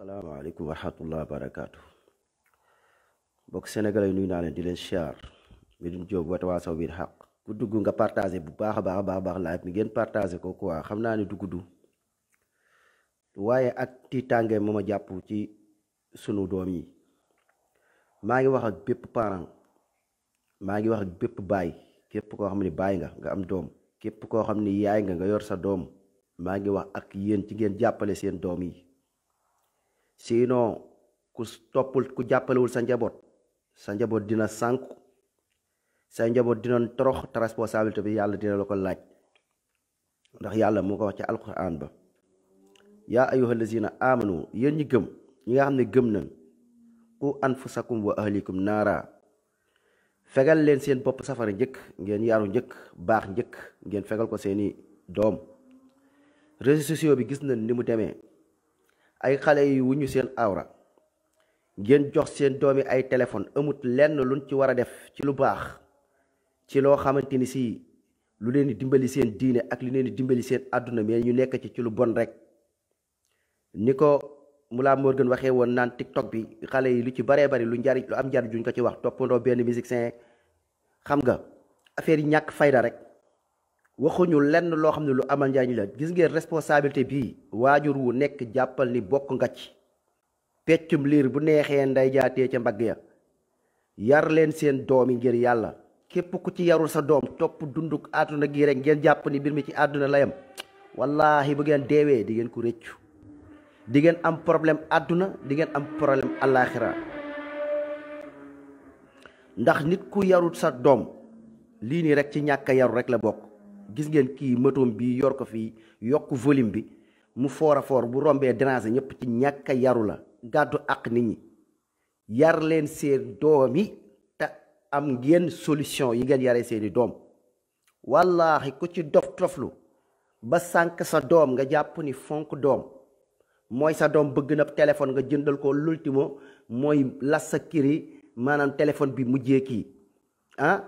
salaamaaleykum wa rahmatulah barakaatu. mbokk Sénégal yi nuyu naa leen di leen siyaar Medoune Diop wa Tawasaw Bil Haq ku dugg nga partagé bu baax baax a baax live mi ngeen partagé ko quoi xam naa ne du waaye ak tiitaange moo ma jàpp ci sunu doom yi. maa ngi wax ak bépp parent maa ngi wax bépp baay képp koo xam ni baay nga nga am doom képp koo xam ni yaay nga nga yor sa doom maa ngi wax ak yéen ci ngeen jàppale seen doom yi. sinon ku toppul ku jàppalewul sa njaboot sa njaboot dina sànku sa njaboot dina torox te responsabilité bi yàlla dina la ko laaj ndax yàlla moo ko wax ci alquran ba yaa ayyuha allazina amanu yéen gëm ñi nga xam ne gëm nañ ku anfusakum wa ahlikum naara fegal leen seen bopp safara njëkk ngeen yaaru njëkk baax njëkk ngeen fegal ko seeni doom réseaux sociaux bi gis nañ ni mu demee ay xale yu wuñu seen awra ngeen jox seen doomi ay téléphone amut lenn luñ ci war a def ci lu baax ci loo xamante ni si lu leen di dimbali seen diine ak lu leen di dimbali seen àdduna mais ñu nekk ci ci lu bon rek ni ko Moula Morgan waxee woon naan TikTok bi xale yi lu ci baree bari lu njariñ lu am njariñ juñ ko ci wax toppandoo benn musicien xam nga affaire yi ñàkk fayda rek waxuñu lenn loo xam ne lu amal njaañu la gis ngeen responsabilité bii waajur wu nekk jàppal ni bokk nga ci peccum liir bu neexee nday jaatee ca mbagg ya yar leen seen doom ngir yàlla képp ku ci yarul sa dom topu dunduk àdduna gi rek ngeen jàpp ni mbir mi ci na la yam wallaahi bu ngeen deewee di ngeen ko rëccu di ngeen am problème àdduna di ngeen am problème àllaaxira ndax nit ku yarul sa dom. lii nii rek ci ñàkk rek la bokk gis ngeen kii motom bii yor ko fii yokk volume bi mu foor a foor bu rombee déranger ñëpp ci ñàkk yaru la gàddu ak nit ñi yar leen seen doom yi te am ngeen solution yi ngeen yaree seeni doom wallaahi ku ci dof toflu ba sànq sa doom nga jàpp ni fonk doom mooy sa doom bëgg na téléphone nga jëndal ko l'ultimo mooy las sa kiri maanaam téléphone bi mujjee kii ah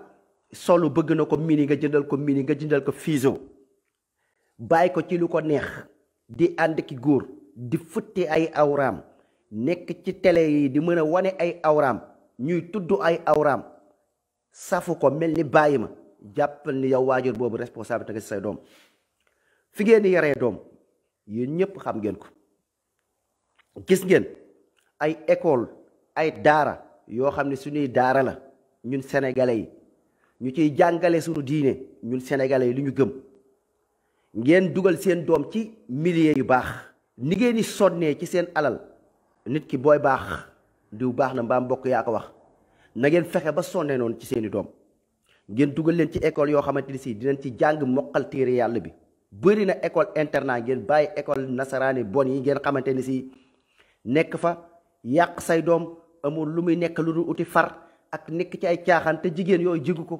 solu bëgg na ko mini nga jëndal ko mini nga jëndal ko fiso bàyyi ko ci lu ko neex di ànd ki góor di futti ay awraam nekk ci tele yi di mën a wane ay awraam ñuy tudd ay awraam safu ko mel ni bàyyi ma jàppal ni yow waajur boobu responsabilité nga ci say doom fi ngeen yaree doom yéen ñëpp xam ngeen ko gis ngeen ay école ay daara yoo xam ne suñuy daara la ñun sénégalais yi ñu ciy jàngale suñu diine ñun sénégalais yi lu ñu gëm ngeen dugal seen doom ci milieu yu baax ni ngeen di sonnee ci seen alal nit ki booy baax diw baax na mbaam mbokk yaa ko wax na ngeen fexe ba sonnee noonu ci seeni doom ngeen dugal leen ci école yoo xamante ni si dinañ ci jàng mokkal téere yàlla bi bëri na école internat ngeen bàyyi école nasaraani bon yi ngeen xamante ni si nekk fa yàq say doom amul lu muy nekk lu dul uti far ak nekk ci ay caaxaan te jigéen yooyu jigu ko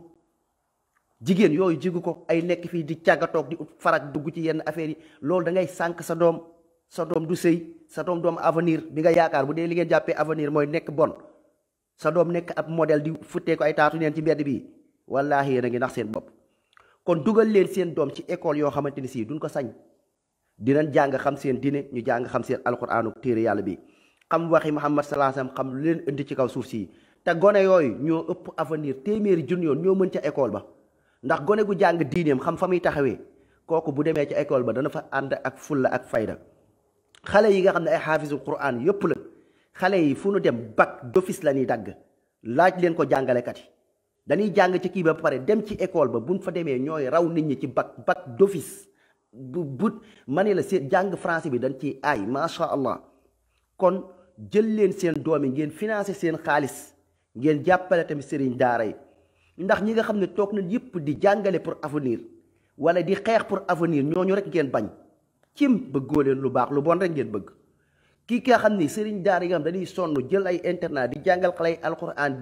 jigéen yooyu jigu ko ay nekk fii di càggatoog di ut farak dugg ci yenn affaire yi loolu dangay ngay sànq sa doom sa doom du sëy sa doom doom avenir bi nga yaakaar bu dee li ngeen jàppee avenir mooy nekk bon sa doom nekk ab model di futtee ko ay taatu neen ci mbedd bi wallaahi yéen a ngi nax seen bopp kon dugal leen seen doom ci école yoo xamante ni sii duñ ko sañ dinañ jàng xam seen dine ñu jàng xam seen alquraanu téere yàlla bi xam waxi Muhammad sallallahu alayhi wasallam xam lu leen ci kaw suuf si te gone yooyu ñoo ëpp avenir téeméeri junni yoon ñoo mën ca école ba ndax gone gu jàng diineem xam fa muy taxawee kooku bu demee ci école ba dana fa ànd ak fulla ak fayda xale yi nga xam ne ay xaafisul quran yëpp la xale yi fu nu dem bac d'office la ñuy dagg laaj leen ko jàngalekat yi dañuy jàng ci kii ba pare dem ci école ba bu buñ fa demee ñooy raw nit ñi ci bac bac d'office bu bu ma ne la seen jàng français bi dañ ciy aay macha allah kon jël leen seen doom yi ngeen financé seen xaalis ngeen jàppale tamit sëriñ daara yi ndax ñi nga xam ne toog nañ yëpp di jàngale pour avenir wala di xeex pour avenir ñooñu rek ngeen bañ cim bëggoo leen lu baax lu bon rek ngeen bëgg kii nga xam ni sëriñ daara yi nga sonn jël ay internat di jàngal xale yi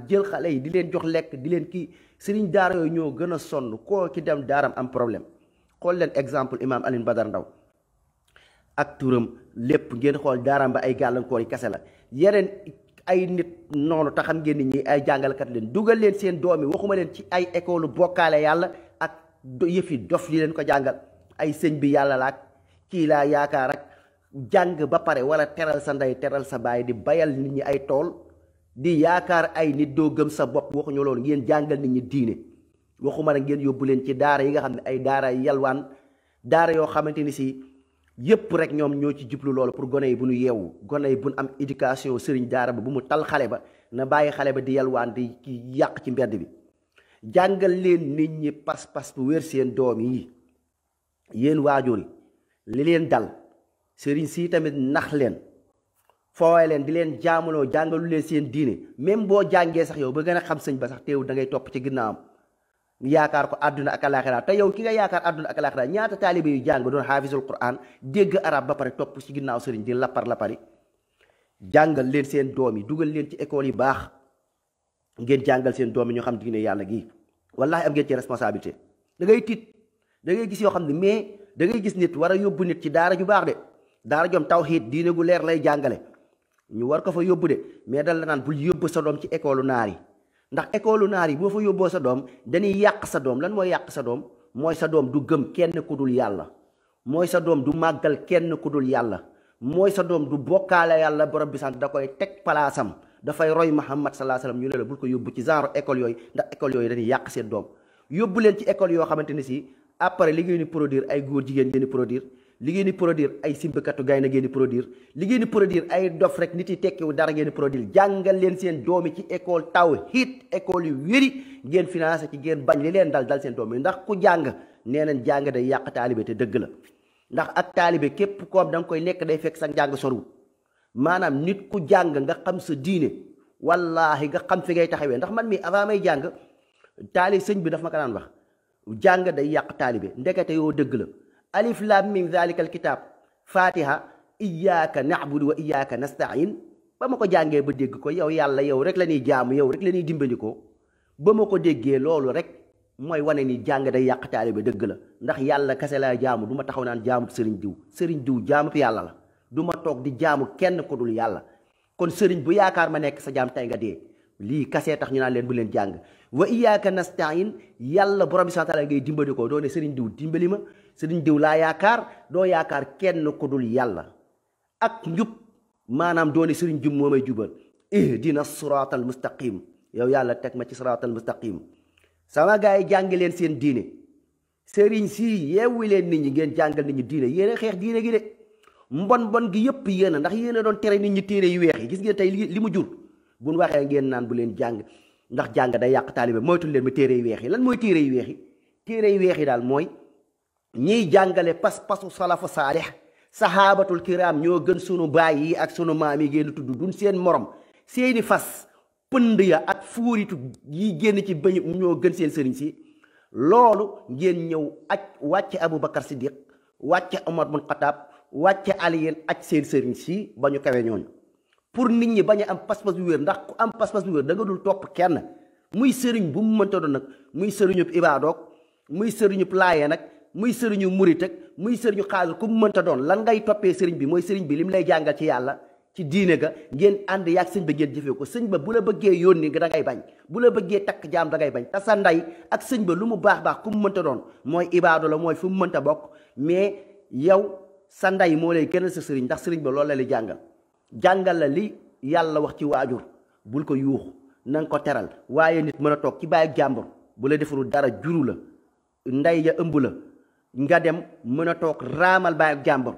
jël xale yi di leen jox lekk di leen kii sëriñ daara yooyu ñoo gën a sonn koo ci dem daaram am problème xool leen exemple imam Alioune Badara Ndao ak turam lépp ngeen xool daaram ba ay gàllankoor yi kese la yeneen ay nit noonu xam ngeen ni ñi ay jàngalkat leen dugal leen seen doom yi waxuma leen ci ay école bokkaale yàlla ak yëfi dof yi leen ko jàngal ay sëñ bi yàlla laak kii laa yaakaar ak jàng ba pare wala teral sa ndey teral sa baay di bayal nit ñi ay tool di yaakaar ay nit doo gëm sa bopp waxuñu loolu ngeen jàngal nit ñi diine waxuma ne ngeen yóbbu leen ci daara yi nga xam ne ay daara yalwaan daara yoo xamante ni si yëpp rek ñoom ñoo ci jublu loolu pour gone yi bu ñu yeewu gone yi bu nu am éducation sëriñ daara ba bu mu tal xale ba na bàyyi xale ba di yalwaan di yàq ci mbedd bi jàngal leen nit ñi pas-pas bu wér seen doom yi yéen waajur yi li leen dal sëriñ si tamit nax leen fooy leen di leen jaamuloo jàngalu leen seen diine même boo jàngee sax yow ba gën a xam sëñ ba sax teewul da ngay topp ci ginnaawam yaakaar ko àdduna ak alaxira te yow ki nga yaakaar àdduna ak alaxira ñaata taalibe yu jàng doon xaafisul quran dégg arab ba pare topp ci ginnaaw sëriñ di la lapar lapari jàngal leen seen doom yi dugal leen ci école yi baax ngeen jàngal seen doom yi ñoo xam diine yàlla gi wallahi am ngeen ci responsabilité da ngay tiit da ngay gis yoo xam ne mais dangay gis nit war a yóbbu nit ci daara ju baax de daara jom xiit diine gu leer lay jàngale ñu war ko fa yóbbu de mais dal la naan bul yóbbu sa doom ci école naar yi ndax école naar yi boo fa yóbboo sa doom dañuy yàq sa doom lan mooy yàq sa doom mooy sa doom du gëm kenn ku dul yàlla mooy sa doom du màggal kenn ku dul yàlla mooy sa doom du bokkaale yàlla borom bi sant da koy teg palaasam dafay roy Muhammad salaa salaam ñu ne la bul ko yóbbu ci genre école yooyu ndax école yooyu dañuy yàq seen doom yóbbu leen ci école yoo xamante ni si après li ngeen produire ay góor jigéen ngeen di produire li ngeen di produire ay simbakatu gaynde ngeen di produire li ngeen di produire ay dof rek nit yi tekkiwu dara ngeen di produire jàngal leen seen doomi ci école taw hit école yu wéri ngeen financé ci ngeen bañ li leen dal dal seen doom yi ndax ku jàng nee nañ jàng day yàq taalibe te dëgg la ndax ak taalibe képp koom da nga koy nekk day fekk sa jàng soru maanaam nit ku jàng nga xam sa diine wallaahi nga xam fi ngay taxawee ndax man mi avant may jàng taali sëñ bi daf ma ko daan wax jàng day yàq taalibe ndekete yoo dëgg la alif lam mim zalika alkitab fatiha iyyaka na'budu wa iyyaka nasta'in ba ma ko jàngee ba dégg ko yow yàlla yow rek la ñuy jaamu yow rek la ñuy dimbalikoo ba ma ko déggee loolu rek mooy wane ni jàng day yàq taalibe dëgg la ndax yàlla kase laa jàmm duma taxaw naan jaamu sëriñ diw sëriñ diw jaamu yàlla la du ma toog di jaamu kenn ku dul yàlla kon sëriñ bu yaakaar ma nekk sa jàmm tey nga dee lii kase tax ñu naan leen bu leen jàng wa iyyaka nasta'in yàlla borom bi subhanahu wa ta'ala ngay dimbali ko doone sëriñ diw dimbali ma sëriñ diw laa yaakaar doo yaakaar kenn ku dul yàlla ak njub maanaam dooni sëriñ diw moo may jubal ihdina siraatal mustaqim yow yalla tek ma ci siraatal mustaqim sama gars yi jàng leen seen diine sëriñ si yeewu leen nit ñi ngeen jàngal nit ñi diine yéen xeex diine gi de mbon mbon gi yépp yéen ndax yéen don doon tere nit ñi téere yu weex yi gis ngeen tey li mu jur buñ waxee ngeen naan bu leen jàng ndax jàng day yàq taalibe moytul leen mi téere yu weex yi lan mooy téere yu weex yi yu weex yi daal ñiy jangale pas-pasu salafu saalih sahabatul kiram ñoo gën sunu baay yi ak sunu maam yi génn tudd seen morom seeni fas pënd ya ak fuuritu yi génn ci bañ ñoo gën seen sëriñ si loolu ngeen ñëw aj wàcce abubakar siddiq wàcce omar bun xataab wàcce aliyen aj seen sëriñ si ba ñu kawe ñooñu pour nit ñi bañ am pas-pas bu wér ndax ku am pas-pas bu da nga dul kenn muy sëriñ bu mu mënta doon nag muy sëriñub ibaadoog muy sëriñub laaye nak muy sëriñu muri ak muy sëriñu xaadir ku mu mënta doon lan ngay toppee sëriñ bi mooy sëriñ bi lim lay jàngal ci yàlla ci diine ga ngeen ànd yaag sëñ ba ngeen jëfee ko sëñ ba bu la bëggee yónni nga da ngay bañ bu la bëggee takk jaam ngay bañ te sa ndey ak sëñ ba lu mu baax baax ku mu mënta doon mooy ibaadu la mooy fu mu mënta bokk mais yow sa ndey moo lay gënal sa sëriñ ndax sëriñ ba lool la li jàngal jàngal la li yàlla wax ci waajur bul ko yuux na ko teral waaye nit mën a toog ci bàyyi jàmbur bu la defarul dara juru la ndey ja ëmb la nga dem mën a toog raamal baayu jàmbur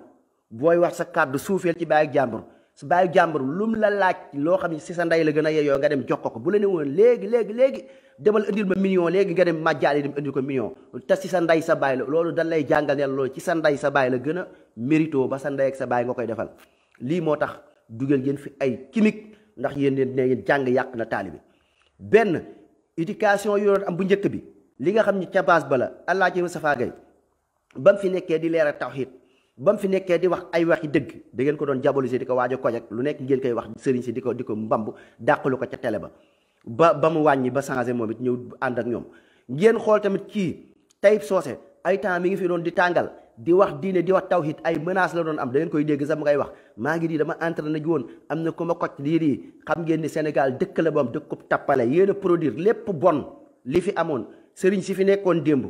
booy wax sa kàddu suufeel ci baayu jàmbur su baayu jàmbur lum la laaj loo xam ne si sa ndey la gën a yeyoo nga dem jox ko ko bu la ne woon léegi léegi léegi demal indil ma million léegi nga dem màjjaali dem indil ko million te si sa ndey sa baay la loolu dañ lay jàngal ne loolu ci sa ndey sa baay la gën a mérito ba sa ndey sa baay nga koy defal lii moo tax dugal ngeen fi ay chimique ndax yéen ne yéen jàng yàq na taalibi benn éducation yu bu njëkk bi li nga xam ne ca base ba la allah ci Moustapha Gaye ba mu fi nekkee di leeral tawxiid ba mu fi nekkee di wax ay waxi dëgg da ngeen ko doon diaboliser di ko waaj a koñ ak lu nekk ngeen wax sëriñ si di ko di ko mbamb dàqalu ko ca télé ba ba ba mu wàññi ba changé moom it ñëw ànd ak ñoom ngeen xool tamit kii Taib soose ay temps mi ngi fi doon di tàngal di wax diine di wax tawhid ay menaces la doon am da ngeen koy dégg sax mu ngay wax maa ngi di dama entraîné ji woon am na ku ma kocc lii xam ngeen ni Sénégal dëkk la boom dëkk ko tappale yéen a produire lépp bon li fi amoon sëriñ si fi nekkoon démb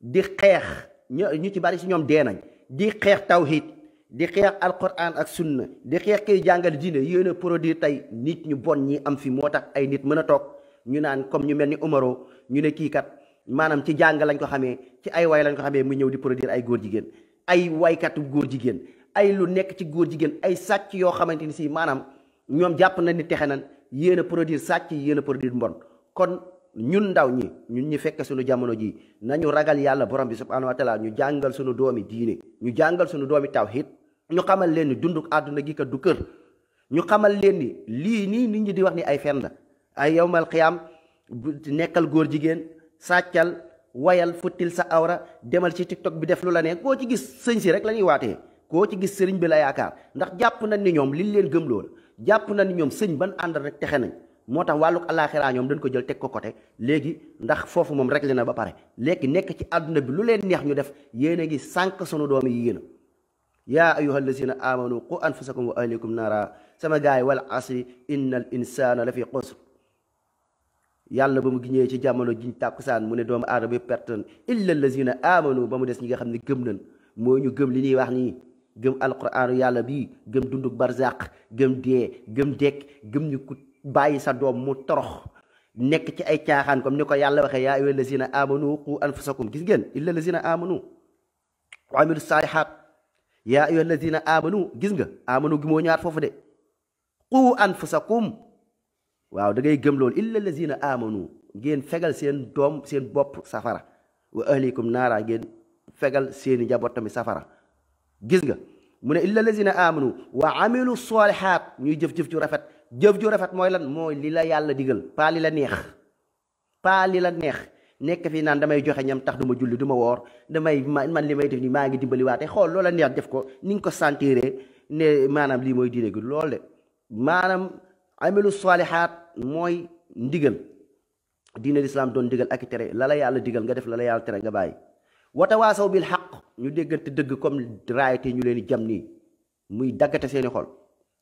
di xeex ñu ci bari si ñoom dee nañ di xeex tawhid di xeex alquran ak sunna di xeex kiy jàngal diine yéen a produire tey nit ñu bon ñi am fi moo tax ay nit mën a toog ñu naan comme ñu mel ni Omaro ñu ne kii kat maanaam ci jàng lañ ko xamee ci ay way lañ ko xamee mu ñëw di produire ay góor jigéen ay waykatu góor jigéen ay lu nekk ci góor jigéen ay sàcc yoo xamante ni si maanaam ñoom jàpp nañ ni texe nañ yéen a produire sàcc yéen a produire mbon ñun ndaw ñi ñun ñu fekk suñu jamono jii nañu ragal yàlla borom bi subhanahu wa taala ñu jàngal suñu doomi diine ñu jàngal suñu doomi taw tawhid ñu xamal leen ni dunduk àdduna gi kat du kër ñu xamal leen ni lii nii nit ñi di wax ni ay fen la ay yowmal xiyaam nekkal góor jigéen sàccal wayal futtil sa awra demal ci tiktok bi def lu la ne koo ci gis sëñ si rek la ñuy waatee koo ci gis sëriñ bi la yaakaar ndax jàpp nañ ni ñoom li leen gëm loola jàpp na ni ñoom sëñ ban àndal rek texe nañ motax waluk alakhira ñom dañ ko jël tek ko côté légui ndax fofu mom rek na ba pare légui nek ci aduna bi lu leen neex ñu def yéen gi sank sunu doom yi yéen ya yaa ayyuha amanu qu anfusakum wa ahlikum nara sama gaay wal asri innal insana lafi qusr yàlla bamu giñé ci jamono jiñ takusan mu ne doomu aadama bi illa lazina amanu bamu dess ñi nga xam gëm nañ moy ñu gëm li ñi wax ni gëm alquran yàlla bi gëm dunduk barzaq gëm dee gëm dék gëm ñu kut bàyyi sa doom mu torox nekk ci ay caaxaan comme ni ko yàlla waxe yaa ayyuha lazina amanu qu anfusakum gis ngeen illa lazina amanu wa amilu salihat yaa ayyuha lazina amanu gis nga amanu gi moo ñaar foofu de qu anfusakum waaw da ngay gëm loolu illa lazina amanu ngeen fegal seen doom seen bopp safara wa ahlikum naara ngeen fegal seeni njaboot safara gis nga mu ne illa lazina amanu wa amilu salihat ñuy jëf-jëf ju rafet jëf ju rafet mooy lan mooy li la yàlla digal paa li la neex paa li la neex nekk fii naan damay joxe ñam tax duma ma julli du ma woor damay man li may def ni maa ngi dimbaliwaate xool loola neex def ko ni nga ko sentiré ne maanaam lii mooy diine gi maanaam amelu salihaat mooy ndigal diine lislaam doon ndigal ak tere la la yàlla digal nga def la la yàlla tere nga bàyyi watawaasaw bil xaq ñu déggante dëgg comme raayate ñu leen jam nii muy daggate seeni xol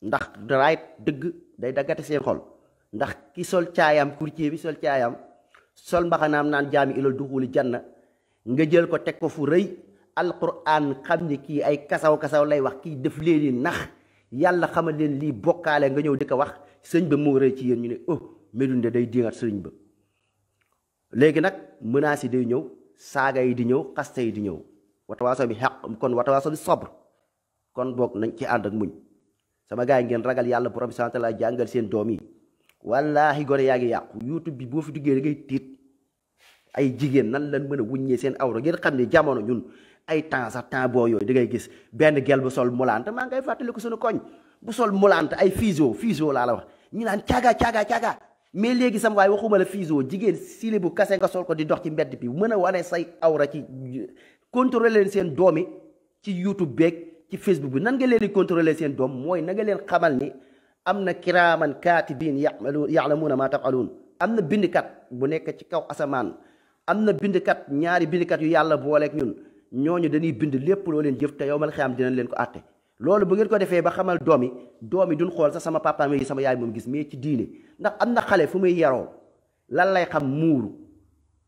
ndax raayat dëgg day daggate seen xol ndax ki sol caayam courtier bi sol caayam sol mbaxanaam naan jaami ilal duxuli janna nga jël ko teg ko fu rëy alquran xam ni kii ay kasaw-kasaw lay wax kii def leeni nax yàlla xamal leen lii bokkaale nga ñëw di ko wax sëñ ba moo rëy ci yéen ñu ne oh Médoune day diŋat sëriñ ba léegi nag menaces yi day ñëw saaga yi di ñëw xaste yi di ñëw watawaaso bi xaq kon watawaaso bi sabr kon boog nañ ci ànd ak muñ sama gars yi ngeen ragal yàlla borom sant la jàngal seen doom yi wallaahi gone yaa ngi yàqu youtube bi boo fi duggee da ngay tiit ay jigéen nan lan mën a wuññee seen awra ngeen xam ne jamono ñun ay temps sax temps boo yooyu da ngay gis benn gel bu sol mulaante maa ngay fàttali ko suñu koñ bu sol mulaante ay fiso fiso laa la wax naan caaga caaga caaga mais léegi sama waay waxuma la fiso jigéen sili bu kase nga sol ko di dox ci mbedd bi mën a wane say awra ci contrôler leen seen doomi ci youtube beeg ci facebook bi nan nga leen di contrôler seen doom mooy na nga leen xamal ni am na kiraaman kaatibiin ya'lamuuna ma tafalun am na bindkat bu nekk ci kaw asamaan am na bindkat ñaari bindkat yu yàlla booleeg ñun ñooñu dañuy bind lépp loo leen jëf te yowmal xiyaam dinañ leen ko àtte loolu bu ngeen ko defee ba xamal doom yi doom yi duñ xool sa sama papa mi sama yaay moom gis mais ci diine ndax am na xale fu muy yaroo lan lay xam muuru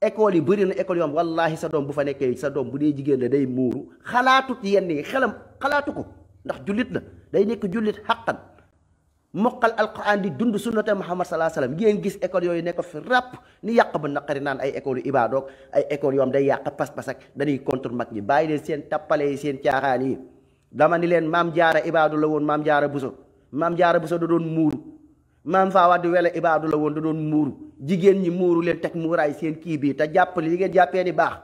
école yi bëri na école yoo xam wallaahi sa doom bu fa nekkee sa doom bu dee jigéen la day muuru xalaatut yenn yi xelam xalaatu ko ndax jullit la day nekk jullit xaqan mokkal alquran di dund sunnate muhammad salaa salaam ngeen gis école yooyu nekk fi ràpp ni yàq ba naqari naan ay école yu ibaadoog ay école yoo day yàq pas-pas ak dañuy contre mag ñi bàyyi leen seen tappale yi seen caaxaan yi dama ni leen maam jaara ibaadu la woon maam jaara buso maam jaara buso da doon muuru maam faa wax di wele ibaadu la woon da doon muuru jigéen ñi muuru leen teg muuraay seen kii bii te jàpp li ngeen jàppee ni baax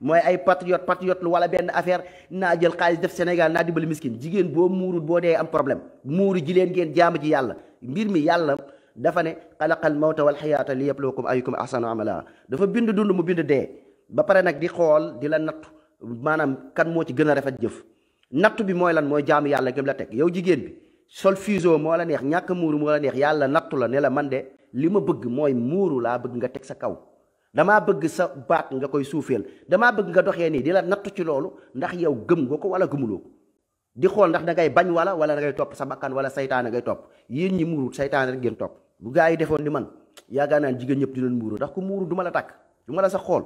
mooy ay patriote patriote lu wala benn affaire naa jël xaalis def Sénégal naa dimbali miskin jigéen boo muurut boo dee am problème muuru ji leen ngeen jaamu ji yàlla mbir mi yàlla dafa ne xalaqal mawta wal xayaata li yabluwakum ayyukum ahsanu amala dafa bind dund mu bind dee ba pare nag di xool di la nattu maanaam kan moo ci gën a rafet jëf nattu bi mooy lan mooy jaamu yàlla gëm la teg yow jigéen bi solfiso moo la neex ñàkk muuru moo la neex yàlla nattu la ne la man de li ma bëgg mooy muuru laa bëgg nga teg sa kaw damaa bëgg sa baat nga koy suufeel damaa bëgg nga doxee nii di la nattu ci loolu ndax yow gëm nga ko wala gëmuloo ko di xool ndax da ngay bañ wala wala da topp sa bakkan wala seytaane ngay topp yéen ñi muuru saytaane rek ngeen topp bu gaa yi defoon ni man yaakaar naan jigéen ñëpp dinañ muuru ndax ko muuru du ma la takk du ma la sa xool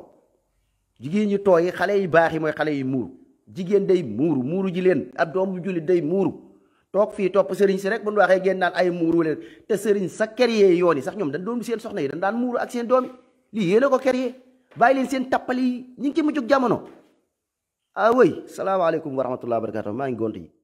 jigéen ñi tooy xale yi baax yi mooy xale yi muuru jigéen day muuru muuru ji leen ab doom bu day muuru toog fii topp sëriñ si rek bu ñu waxee génn naan ay muuru leen te sëriñ sa créé yoon yi sax ñoom dañ doon seen soxna yi dañ daan muuru ak seen doom yi lii yéen a ko créé bàyyi leen seen tappali yi ñu ngi ci mujjug jamono ah oui salaamaaleykum wa rahmatulah wa barakatuh maa ngi gont yi